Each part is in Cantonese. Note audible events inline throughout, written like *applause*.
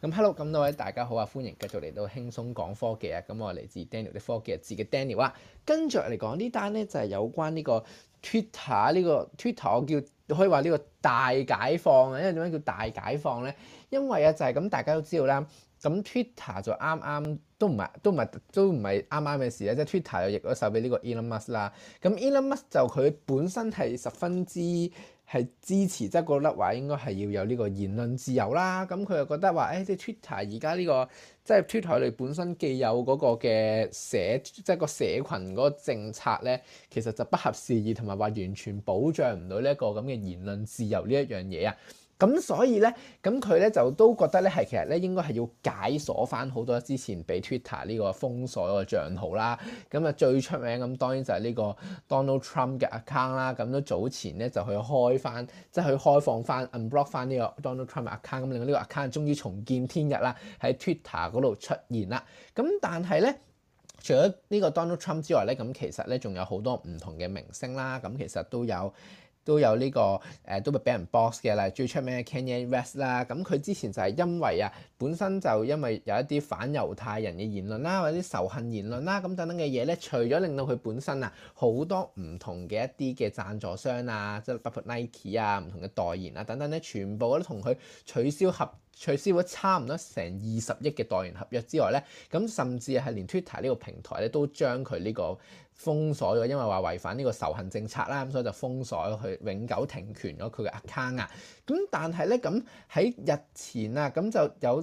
咁，hello，咁多位大家好啊，歡迎繼續嚟到輕鬆講科技啊，咁我嚟自 Daniel 的科技日誌嘅 Daniel 啊，跟住嚟講呢單呢，就係有關呢個 Twitter，呢、這個 Twitter 我叫可以話呢個大解放啊，因為點解叫大解放呢？因為啊就係咁，大家都知道啦。咁 Twitter 就啱啱都唔係都唔係都唔係啱啱嘅事咧，即係 Twitter 又易咗手俾呢個 Elon Musk 啦。咁 Elon Musk 就佢本身係十分之係支持，即係個粒話應該係要有呢個言論自由啦。咁佢又覺得話，誒、哎，即係 Twitter 而家呢、這個即係 Twitter 佢哋本身既有嗰個嘅社，即係個社群嗰個政策咧，其實就不合時宜同埋話完全保障唔到呢一個咁嘅言論自由呢一樣嘢啊。咁所以咧，咁佢咧就都覺得咧，係其實咧應該係要解鎖翻好多之前俾 Twitter 呢個封鎖嘅賬號啦。咁啊最出名咁當然就係呢個 Donald Trump 嘅 account 啦。咁都早前咧就去開翻，即係去開放翻、unblock 翻呢個 Donald Trump account，咁令到呢個 account 終於重見天日啦，喺 Twitter 嗰度出現啦。咁但係咧，除咗呢個 Donald Trump 之外咧，咁其實咧仲有好多唔同嘅明星啦，咁其實都有。都有呢個誒，都咪俾人 box 嘅啦，最出名嘅 Kanye West 啦，咁佢之前就係因為啊，本身就因為有一啲反猶太人嘅言論啦，或者仇恨言論啦，咁等等嘅嘢咧，除咗令到佢本身啊好多唔同嘅一啲嘅贊助商啊，即係包括 Nike 啊，唔同嘅代言啊等等咧，全部都同佢取消合。取消咗差唔多成二十億嘅代言合約之外咧，咁甚至係連 Twitter 呢個平台咧都將佢呢個封鎖咗，因為話違反呢個仇恨政策啦，咁所以就封鎖咗佢，永久停權咗佢嘅 account 啊。咁但係咧，咁喺日前啊，咁就有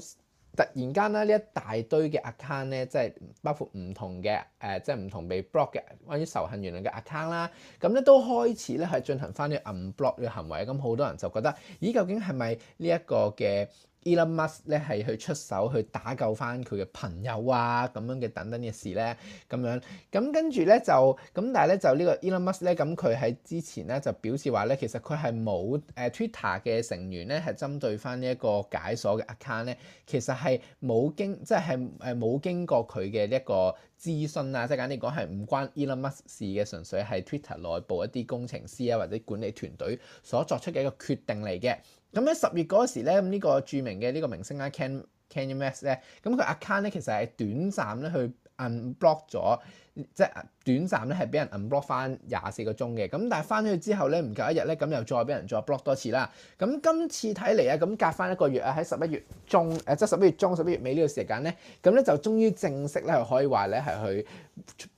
突然間啦，呢一大堆嘅 account 咧，即係包括唔同嘅誒，即係唔同被 block 嘅關於仇恨言論嘅 account 啦，咁咧都開始咧係進行翻啲 unblock 嘅行為，咁好多人就覺得，咦，究竟係咪呢一個嘅？Elon Musk 咧係去出手去打救翻佢嘅朋友啊，咁樣嘅等等嘅事咧咁樣，咁跟住咧就咁，但係咧就呢個 Elon Musk 咧，咁佢喺之前咧就表示話咧，其實佢係冇誒 Twitter 嘅成員咧，係針對翻呢一個解鎖嘅 account 咧，其實係冇經即係誒冇經過佢嘅一個諮詢啊，即係簡單講係唔關 Elon Musk 事嘅，純粹係 Twitter 內部一啲工程師啊或者管理團隊所作出嘅一個決定嚟嘅。咁喺十月嗰時咧，咁、這、呢個著名嘅呢個明星咧，Kanye West 咧，咁佢 account 咧其實係短暫咧去 unblock 咗，即、就、係、是、短暫咧係俾人 unblock 翻廿四個鐘嘅，咁但係翻咗去之後咧，唔夠一日咧，咁又再俾人再 block 多次啦。咁今次睇嚟啊，咁隔翻一個月啊，喺十一月中，誒即係十一月中、十一月尾呢個時間咧，咁咧就終於正式咧，係可以話咧係去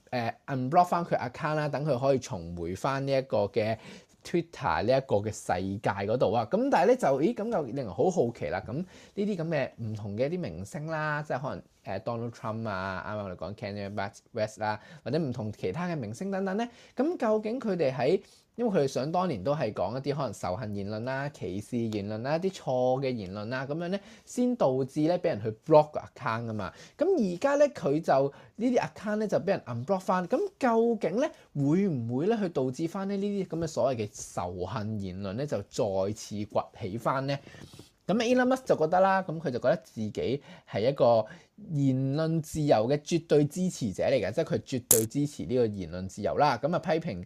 誒 unblock 翻佢 account 啦，等佢可以重回翻呢一個嘅。Twitter 呢一個嘅世界嗰度啊，咁但係咧就，咦，咁就令人好好奇啦。咁呢啲咁嘅唔同嘅一啲明星啦，即係可能誒 Donald Trump 啊，啱啱我哋講 Kanye West 啦，或者唔同其他嘅明星等等咧，咁究竟佢哋喺？因為佢哋想當年都係講一啲可能仇恨言論啦、啊、歧視言論啦、啊、一啲錯嘅言論啦、啊，咁樣咧先導致咧俾人去 block 個 account 啊嘛。咁而家咧佢就呢啲 account 咧就俾人 unblock 翻。咁究竟咧會唔會咧去導致翻咧呢啲咁嘅所謂嘅仇恨言論咧就再次崛起翻咧？咁 Elon Musk 就覺得啦，咁佢就覺得自己係一個言論自由嘅絕對支持者嚟嘅，即係佢絕對支持呢個言論自由啦。咁啊批評。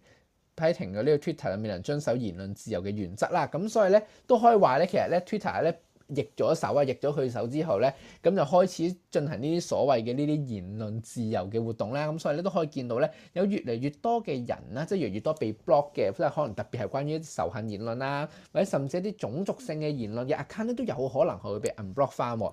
批停咗呢個 Twitter 入面人遵守言論自由嘅原則啦，咁所以咧都可以話咧，其實咧 Twitter 咧逆咗手啊，逆咗佢手,手之後咧，咁就開始進行呢啲所謂嘅呢啲言論自由嘅活動咧，咁所以咧都可以見到咧，有越嚟越多嘅人啦，即係越嚟越多被 block 嘅，即係可能特別係關於仇恨言論啊，或者甚至一啲種族性嘅言論嘅 account 咧都有可能係會被 unblock 翻喎。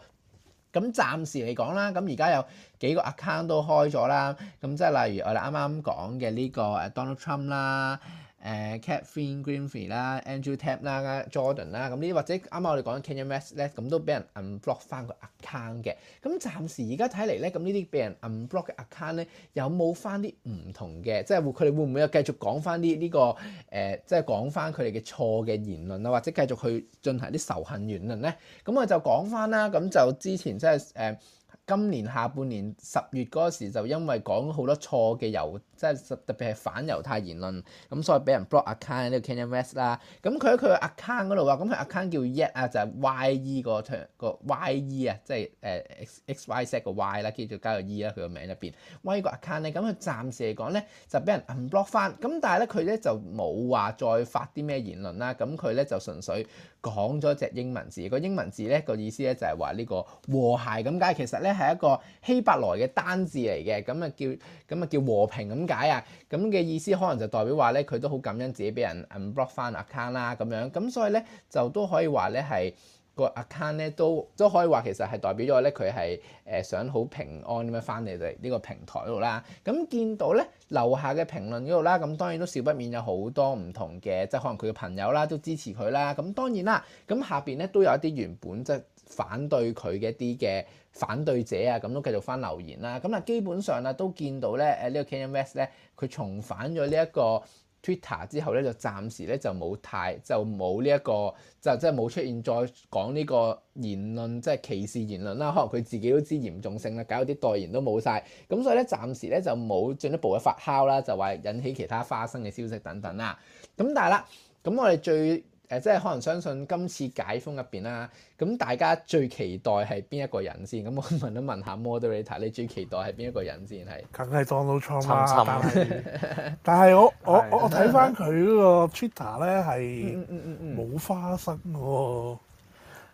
咁暫時嚟講啦，咁而家有幾個 account 都開咗啦，咁即係例如我哋啱啱講嘅呢個誒 Donald Trump 啦。誒、uh, Kathy Griffin 啦，Andrew Tate 啦，Jordan 啦，咁呢啲或者啱啱我哋講緊 Kanye Mas 咧，咁都俾人 unblock 翻個 account 嘅。咁暫時而家睇嚟咧，咁呢啲俾人 unblock 嘅 account 咧，有冇翻啲唔同嘅？即係佢哋會唔會又繼續講翻啲呢個誒、呃，即係講翻佢哋嘅錯嘅言論啊，或者繼續去進行啲仇恨言論咧？咁我就講翻啦，咁就之前即係誒。呃今年下半年十月嗰時就因為講好多錯嘅猶，即係特別係反猶太言論，咁所以俾人 block account 呢個 Kanye West 啦。咁佢喺佢個 account 嗰度話，咁佢 account 叫 Yet 啊，就係 YE 嗰個 YE 啊，即係誒 X Y Z 個 Y 啦，跟住加個 E 啦，佢個名入邊，Y 個 account 咧，咁佢暫時嚟講咧就俾人 unblock 翻，咁但係咧佢咧就冇話再發啲咩言論啦，咁佢咧就純粹。講咗隻英文字，個英文字咧，個意思咧就係話呢個和諧咁解，其實咧係一個希伯來嘅單字嚟嘅，咁啊叫，咁啊叫和平咁解啊，咁嘅意思可能就代表話咧，佢都好感恩自己俾人 unblock 翻 account 啦，咁樣，咁所以咧就都可以話咧係。個 account 咧都都可以話其實係代表咗咧佢係誒想好平安咁樣翻嚟呢個平台度啦。咁見到咧樓下嘅評論嗰度啦，咁當然都少不免有好多唔同嘅，即係可能佢嘅朋友啦都支持佢啦。咁當然啦，咁下邊咧都有一啲原本即係反對佢嘅一啲嘅反對者啊，咁都繼續翻留言啦。咁啊基本上啊都見到咧誒呢、這個 Kanye West 咧佢重返咗呢一個。Twitter 之後咧就暫時咧就冇太就冇呢一個就即係冇出現再講呢個言論即係、就是、歧視言論啦，可能佢自己都知嚴重性啦，搞到啲代言都冇晒。咁所以咧暫時咧就冇進一步嘅發酵啦，就話引起其他花生嘅消息等等啦，咁但係啦，咁我哋最誒、呃，即係可能相信今次解封入邊啦，咁大家最期待係邊一個人先？咁、嗯、我、嗯嗯嗯、問，問一問下 Moderator，你最期待係邊一個人先？係，梗係 Donald Trump 啦，但係是 *laughs* 但係我我我睇翻佢嗰個 Twitter 咧係冇花生喎。嗯嗯嗯 *laughs*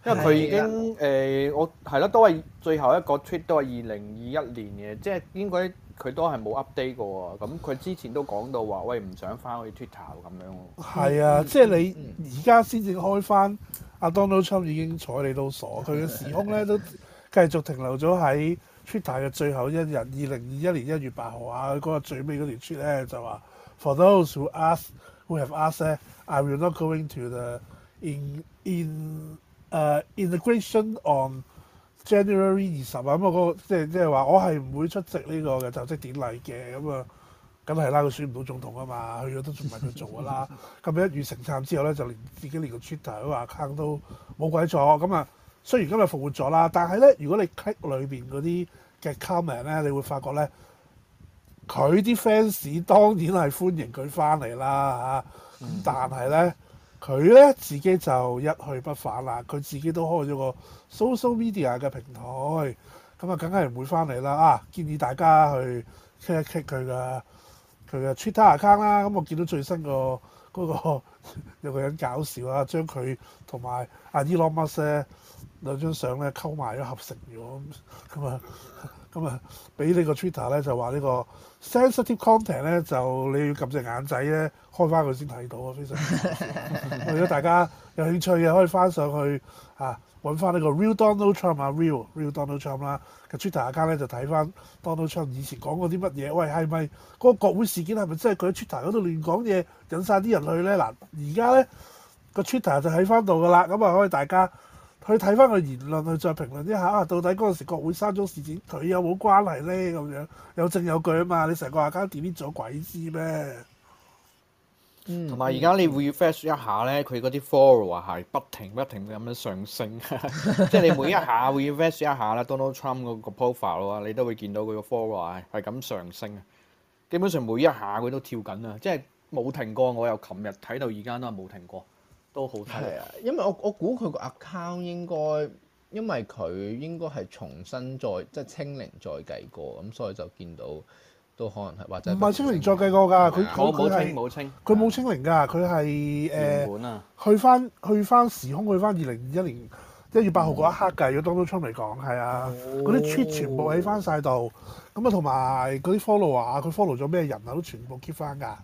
因為佢已經誒、欸，我係咯，都係最後一個 tweet 都係二零二一年嘅，即係應該佢都係冇 update 過喎。咁佢之前都講到話，喂，唔想翻去 Twitter 咁樣。係、嗯、啊，即係你而家先至開翻阿 Donald Trump 已經睬你都傻，佢嘅時空咧都繼續停留咗喺 Twitter 嘅最後一日，二零二一年一月八號啊，嗰個最尾嗰條 tweet 咧就話：For those who ask, who have asked, I will not going to the in in 誒、uh, integration on January 二十啊，咁啊，嗰個即即係話我係唔會出席呢個嘅就職典禮嘅。咁、嗯、啊，梗係啦，佢選唔到總統啊嘛，去咗都仲唔係佢做噶啦。咁 *laughs* 一月勝贊之後咧，就連自己連個 Twitter account 都冇鬼咗。咁、嗯、啊，雖然今日復活咗啦，但係咧，如果你 click 裏邊嗰啲嘅 comment 咧，你會發覺咧，佢啲 fans 當然係歡迎佢翻嚟啦嚇，但係咧。 *laughs* 佢咧自己就一去不返啦，佢自己都開咗個 social media 嘅平台，咁啊梗係唔會翻嚟啦啊！建議大家去 check 一 check 佢嘅佢嘅 Twitter account 啦、啊。咁、嗯、我見到最新、個嗰個 *laughs* 有個人搞笑啊，將佢同埋阿 Elon Musk。兩張相咧溝埋咗合成咗咁啊，咁、嗯、啊，俾、嗯嗯、呢個 Twitter 咧就話呢個 Sensitive Content 咧就你要撳隻眼仔咧開翻佢先睇到啊。非常 *laughs* *laughs* 如果大家有興趣嘅，可以翻上去啊，揾翻呢個 Real Donald Trump 啊，Real Real Donald Trump 啦、啊、個 Twitter 而家咧就睇翻 Donald Trump 以前講過啲乜嘢？喂，係咪嗰個國會事件係咪真係佢喺 Twitter 嗰度亂講嘢引晒啲人去咧？嗱、啊，而家咧個 Twitter 就喺翻度噶啦，咁啊可以大家。去睇翻個言論，去再評論一下啊，到底嗰陣時國會山莊事件佢有冇關係咧？咁樣有證有據啊嘛！你成個 account 跌跌咗鬼知咩？同埋而家你 refresh 一下咧，佢嗰啲 follower 係不停不停咁樣上升。即 *laughs* 係你每一下 refresh 一下啦 *laughs* ，Donald Trump 嗰個 profile 啊，你都會見到佢個 follower 係係咁上升。基本上每一下佢都跳緊啊，即係冇停過。我由琴日睇到而家都係冇停過。都好睇啊！因為我我估佢個 account 應該，因為佢應該係重新再即係清零再計過，咁所以就見到都可能係或者唔係清零再計過㗎。佢佢佢係佢冇清零㗎。佢係誒去翻去翻時空去翻二零二一年一月八號嗰一刻㗎。咗、嗯、果當出嚟講係啊，嗰啲、哦、tweet 全部喺翻晒度，咁啊同埋嗰啲 follow 啊，佢 follow 咗咩人啊都全部 keep 翻㗎。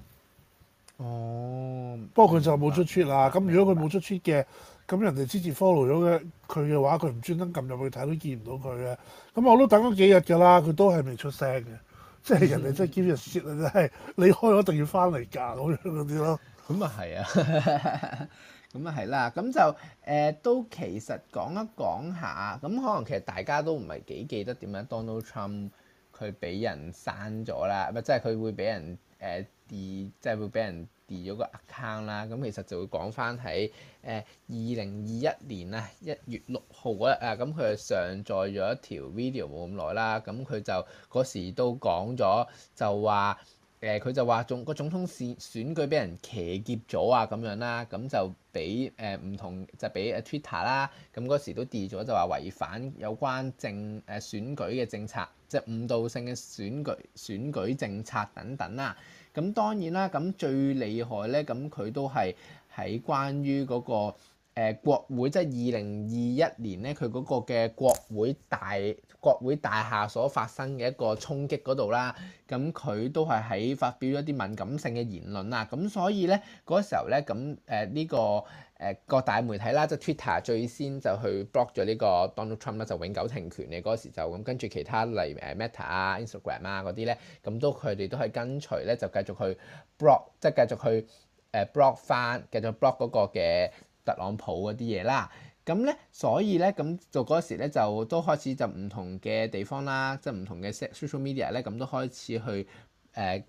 哦，不過佢就冇出 tweet 啊咁如果佢冇出 tweet 嘅，咁白人哋之前 follow 咗嘅佢嘅話，佢唔專登撳入去睇都見唔到佢嘅。咁我都等咗幾日㗎啦，佢都係未出聲嘅。即係人哋真係 keep 住啊，即係了你開咗一定要翻嚟夾嗰樣嗰啲咯。咁啊係啊，咁啊係啦。咁、 *laughs* 嗯、就誒、呃、都其實講一講下，咁可能其實大家都唔係幾記得點樣 Donald Trump 佢俾人刪咗啦，咪即係佢會俾人誒。呃即係會俾人 delete 咗個 account 啦。咁其實就會講翻喺誒二零二一年啊一月六號嗰日啊，咁佢係上載咗一條 video 冇咁耐啦。咁佢就嗰時都講咗，就話誒佢就話總個總統選選舉俾人騎劫咗啊，咁樣啦。咁就俾誒唔同就俾、是、Twitter 啦。咁嗰時都 delete 咗，就話違反有關政誒選舉嘅政策，即係誤導性嘅選舉選舉政策等等啦。咁當然啦，咁最厲害咧，咁佢都係喺關於嗰個，誒國會即係二零二一年咧，佢嗰個嘅國會大國會大廈所發生嘅一個衝擊嗰度啦。咁佢都係喺發表咗一啲敏感性嘅言論啦。咁所以咧，嗰時候咧，咁誒呢個誒、呃這個呃、各大媒體啦，即係 Twitter 最先就去 block 咗呢個 Donald Trump 啦，就永久停權嘅嗰時，就咁跟住其他例如 Meta 啊、Instagram 啊嗰啲咧，咁都佢哋都係跟隨咧，就繼續去 block 即係繼續去誒 block 翻繼續 block 嗰個嘅。特朗普嗰啲嘢啦，咁咧所以咧咁就嗰時咧就都開始就唔同嘅地方啦，即係唔同嘅 social media 咧，咁都開始去誒、呃，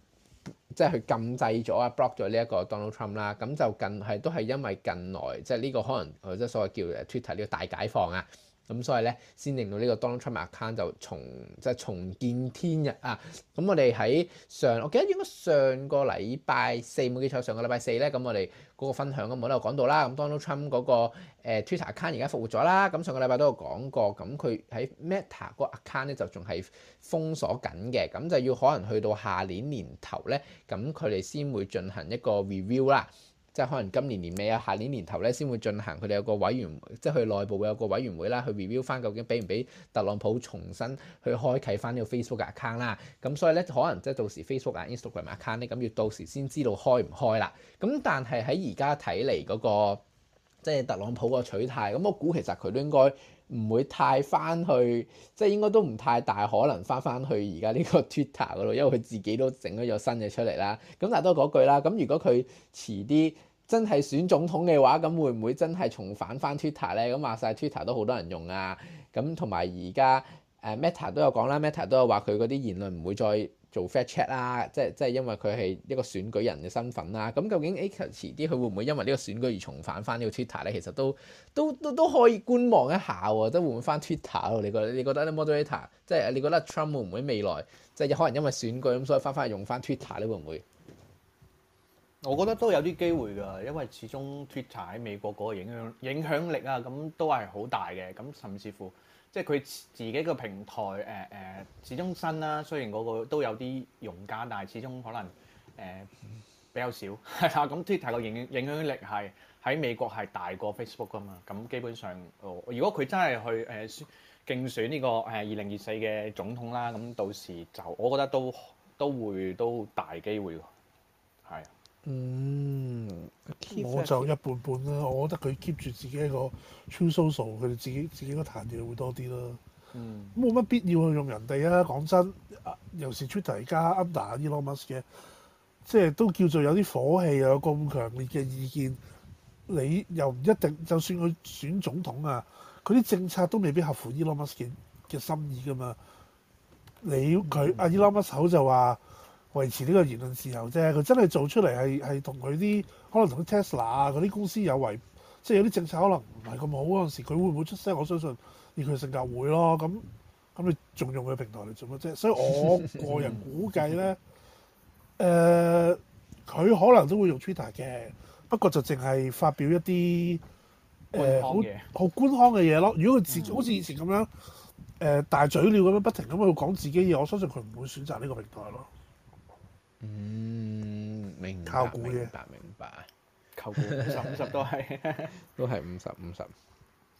即係去禁制咗啊 block 咗呢一個 Donald Trump 啦，咁就近係都係因為近來即係呢個可能或者所謂叫 Twitter 呢個大解放啊。咁所以咧，先令到呢個 Donald Trump account 就重即係重見天日啊！咁、啊、我哋喺上，我記得應該上個禮拜四冇記錯，上個禮拜四咧，咁我哋嗰個分享咁冇咧講到啦。咁 Donald Trump 嗰、嗰個、呃、Twitter account 而家復活咗啦。咁上個禮拜都有講過，咁佢喺 Meta 嗰個 account 咧就仲係封鎖緊嘅，咁就要可能去到下年年頭咧，咁佢哋先會進行一個 review 啦。即係可能今年年尾啊，下年年頭咧先會進行，佢哋有個委員會，即係佢內部會有個委員會啦，去 review 翻究竟俾唔俾特朗普重新去開啟翻呢個 Facebook account 啦。咁所以咧，可能即係到時 Facebook 啊、Instagram account 咧，咁要到時先知道開唔開啦。咁但係喺而家睇嚟嗰個，即係特朗普個取態，咁我估其實佢都應該唔會太翻去，即係應該都唔太大可能翻翻去而家呢個 Twitter 嗰度，因為佢自己都整咗有新嘢出嚟啦。咁但係都係嗰句啦，咁如果佢遲啲，真係選總統嘅話，咁會唔會真係重返翻 Twitter 咧？咁話晒 Twitter 都好多人用啊，咁同埋而家誒 Meta 都有講啦，Meta 都有話佢嗰啲言論唔會再做 fact check 啦，即係即係因為佢係一個選舉人嘅身份啦、啊。咁究竟 A 群遲啲佢會唔會因為呢個選舉而重返翻呢個 Twitter 咧？其實都都都都可以觀望一下喎、啊，會唔會翻 Twitter、啊。你覺得你覺得 moderator 即係你覺得 Trump 會唔會未來即係可能因為選舉咁，所以翻翻用翻 Twitter 咧會唔會？我覺得都有啲機會㗎，因為始終 Twitter 喺美國嗰個影響影響力啊，咁都係好大嘅。咁甚至乎即係佢自己個平台誒誒、呃、始終新啦、啊，雖然嗰個都有啲用家，但係始終可能誒、呃、比較少係啊。咁 *laughs* Twitter 個影影響力係喺美國係大過 Facebook 㗎嘛。咁基本上哦，如果佢真係去誒、呃、競選呢個誒二零二四嘅總統啦，咁到時就我覺得都都會都大機會係。嗯，Keep 我就一半半啦。我覺得佢 keep 住自己一個 Truth Social，佢哋自己自己個彈調會多啲咯。咁冇乜必要去用人哋啊。講真，尤其 Twitter 而家 Under Elon Musk 嘅，即係都叫做有啲火氣，有咁強烈嘅意見。你又唔一定，就算佢選總統啊，佢啲政策都未必合乎 Elon Musk 嘅嘅心意噶嘛。你佢阿 Elon 一手就話。維持呢個言論自由啫，佢真係做出嚟係係同佢啲可能同 Tesla 嗰、啊、啲公司有違，即係有啲政策可能唔係咁好嗰陣時，佢會唔會出聲？我相信，以佢嘅性格會咯。咁咁你仲用佢嘅平台嚟做乜啫？所以我個人估計咧，誒佢、 *laughs* 呃、可能都會用 Twitter 嘅，不過就淨係發表一啲誒好好官方嘅嘢咯。如果佢自、嗯、好似以前咁樣誒、呃、大嘴料咁樣不停咁去講自己嘢，我相信佢唔會選擇呢個平台咯。嗯，明，明白，明白啊，靠股，五十五十都係， *laughs* 都係五十五十。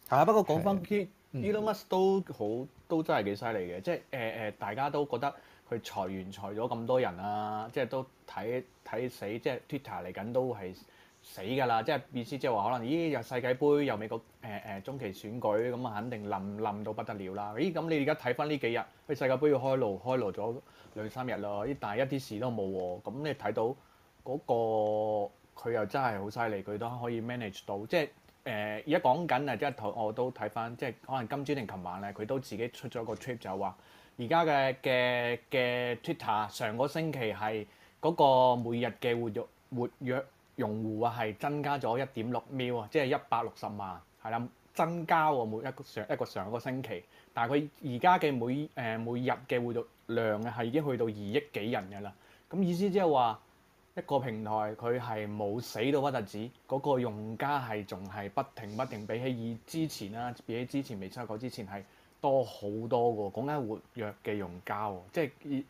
係啊，不過講翻啲，Elon Musk 都好，都真係幾犀利嘅，即係誒誒，大家都覺得佢裁員裁咗咁多人啊，即係都睇睇死，即係 Twitter 嚟緊都係。死㗎啦！即係意思即係話，可能咦？又世界盃，又美國誒誒、呃呃、中期選舉咁啊，肯定冧冧到不得了啦！咦？咁你而家睇翻呢幾日，佢世界盃要開鑼開鑼咗兩三日啦，咦？但係一啲事都冇喎。咁你睇到嗰、那個佢又真係好犀利，佢都可以 manage 到。即係誒而家講緊啊，即係我我都睇翻，即係可能今朝定琴晚咧，佢都自己出咗個 trip 就話，而家嘅嘅嘅 Twitter 上個星期係嗰、那個每日嘅活躍活躍。活躍用戶啊，係增加咗一點六秒，啊，即係一百六十萬，係啦，增加喎每一個上一個上個星期。但係佢而家嘅每誒、呃、每日嘅活躍量啊，係已經去到二億幾人嘅啦。咁意思即係話一個平台佢係冇死到不特止，嗰、嗰個用家係仲係不停不停比起以之前啦，比起之前未出過之前係多好多㗎。講緊活躍嘅用家喎，即係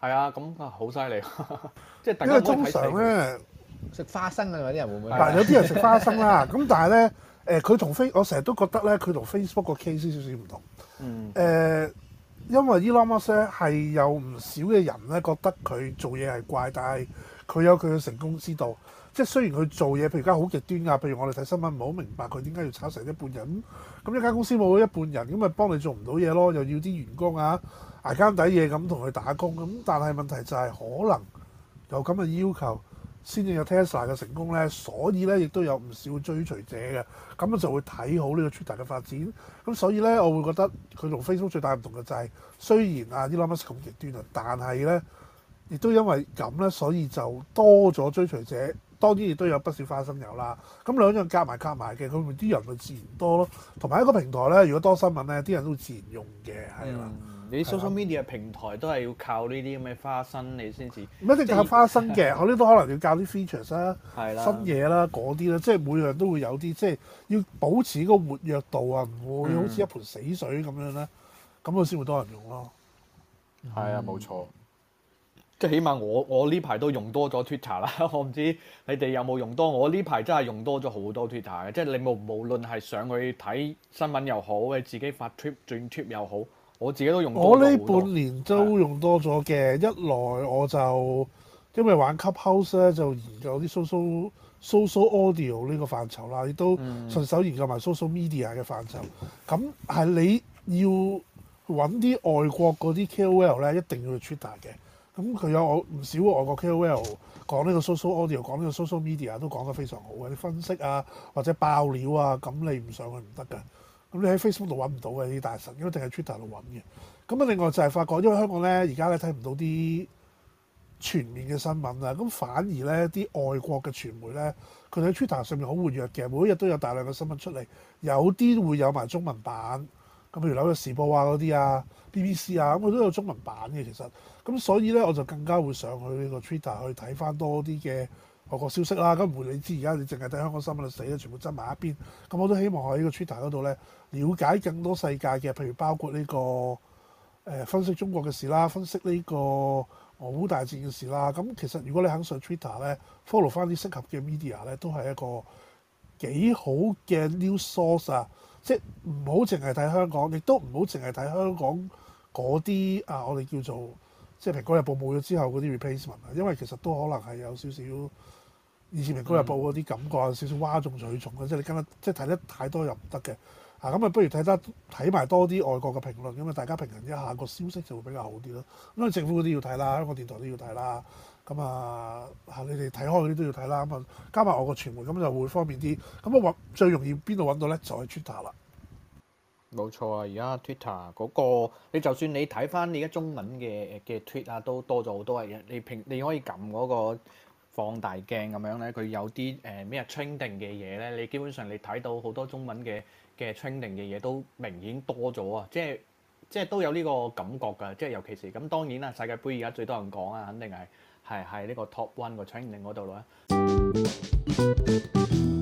係啊，咁啊好犀利。 *laughs* 即係因為通常咧。 *laughs* 食花生，會會、啊、花生啊！嗰啲人會唔會嗱？有啲人食花生啦。咁但係咧，誒佢同 Face 我成日都覺得咧，佢同 Facebook 個 case 少少唔同。嗯。誒、呃，因為 Elon Musk 咧係有唔少嘅人咧覺得佢做嘢係怪，但係佢有佢嘅成功之道。即係雖然佢做嘢，譬如而家好極端啊。譬如我哋睇新聞唔係好明白佢點解要炒成一半人咁、嗯、一間公司冇咗一半人咁咪幫你做唔到嘢咯？又要啲員工啊捱更抵夜咁同佢打工咁，但係問題就係可能有咁嘅要求。先至有 Tesla 嘅成功咧，所以咧亦都有唔少追隨者嘅，咁就會睇好呢個趨勢嘅發展。咁所以咧，我會覺得佢同 Facebook 最大唔同嘅就係、是，雖然啊啲 Elon Musk 咁極端啊，但係咧亦都因為咁咧，所以就多咗追隨者。當然亦都有不少花生友啦。咁兩樣夾埋夾埋嘅，佢啲人會自然多咯。同埋一個平台咧，如果多新聞咧，啲人都會自然用嘅，係啦、嗯。你 social media 平台都係要靠呢啲咁嘅花生你，你先至唔一定靠花生嘅，我呢 *laughs* 都可能要教啲 features 啦、啊，是的 新嘢啦、啊，嗰啲啦，即係每樣都會有啲，即係要保持個活躍度啊，唔會好似一盆死水咁樣咧，咁佢先會多人用咯。係啊，冇、啊、錯。嗯、即係起碼我我呢排都用多咗 Twitter 啦，我唔知你哋有冇用多。我呢排真係用多咗好多 Twitter 嘅，即係你無無論係上去睇新聞又好，你自己發 tweet 轉 tweet 又好。我自己都用，我呢半年都用多咗嘅。的一來我就因為玩 Clubhouse 咧，就研究啲 social social audio 呢個範疇啦，亦都順手研究埋 social media 嘅範疇。咁係、嗯、你要揾啲外國嗰啲 KOL 咧，一定要去 Twitter 嘅。咁佢有我唔少外國 KOL 講呢個 social audio，講呢個 social media 都講得非常好嘅。你分析啊，或者爆料啊，咁你唔上去唔得㗎。咁你喺 Facebook 度揾唔到嘅啲大神，咁一定喺 Twitter 度揾嘅。咁啊，另外就係發覺，因為香港咧而家咧睇唔到啲全面嘅新聞啊，咁反而咧啲外國嘅傳媒咧，佢哋喺 Twitter 上面好活躍嘅，每一日都有大量嘅新聞出嚟，有啲會有埋中文版。咁譬如紐約時報啊嗰啲啊，BBC 啊咁佢、嗯、都有中文版嘅其實。咁所以咧我就更加會上去呢個 Twitter 去睇翻多啲嘅。個個消息啦，咁唔會你知而家你淨係睇香港新聞度死咧，全部執埋一邊。咁我都希望喺呢個 Twitter 嗰度咧，了解更多世界嘅，譬如包括呢、這個誒、呃、分析中國嘅事啦，分析呢個俄烏大戰嘅事啦。咁其實如果你肯上 Twitter 咧，follow 翻啲適合嘅 media 咧，都係一個幾好嘅 news source 啊！即係唔好淨係睇香港，亦都唔好淨係睇香港嗰啲啊，我哋叫做即係《即係、蘋果日報》冇咗之後嗰啲 replacement 啊，因為其實都可能係有少少。以前《明報》日報嗰啲感覺有少少挖眾取寵嘅、mm hmm.，即係你今日即係睇得太多又唔得嘅。啊，咁啊，不如睇得睇埋多啲外國嘅評論，咁啊，大家平衡一下那個消息就會比較好啲咯。咁啊，政府嗰啲要睇啦，香港電台都要睇啦。咁啊，嚇你哋睇開嗰啲都要睇啦。咁啊，加埋我個傳媒，咁就會方便啲。咁啊，揾最容易邊度揾到咧？就係、是、Twitter 啦。冇錯啊！而家 Twitter 嗰、那個，你就算你睇翻你而家中文嘅嘅 t w i e t 啊，itter, 都多咗好多嘅。你平你可以撳嗰、那個。放大鏡咁樣咧，佢有啲誒咩、呃、trending 嘅嘢咧，你基本上你睇到好多中文嘅嘅 trending 嘅嘢都明顯多咗啊！即係即係都有呢個感覺㗎，即係尤其是咁當然啦，世界盃而家最多人講啊，肯定係係喺呢個 top one 個 trending 嗰度啦。 *music*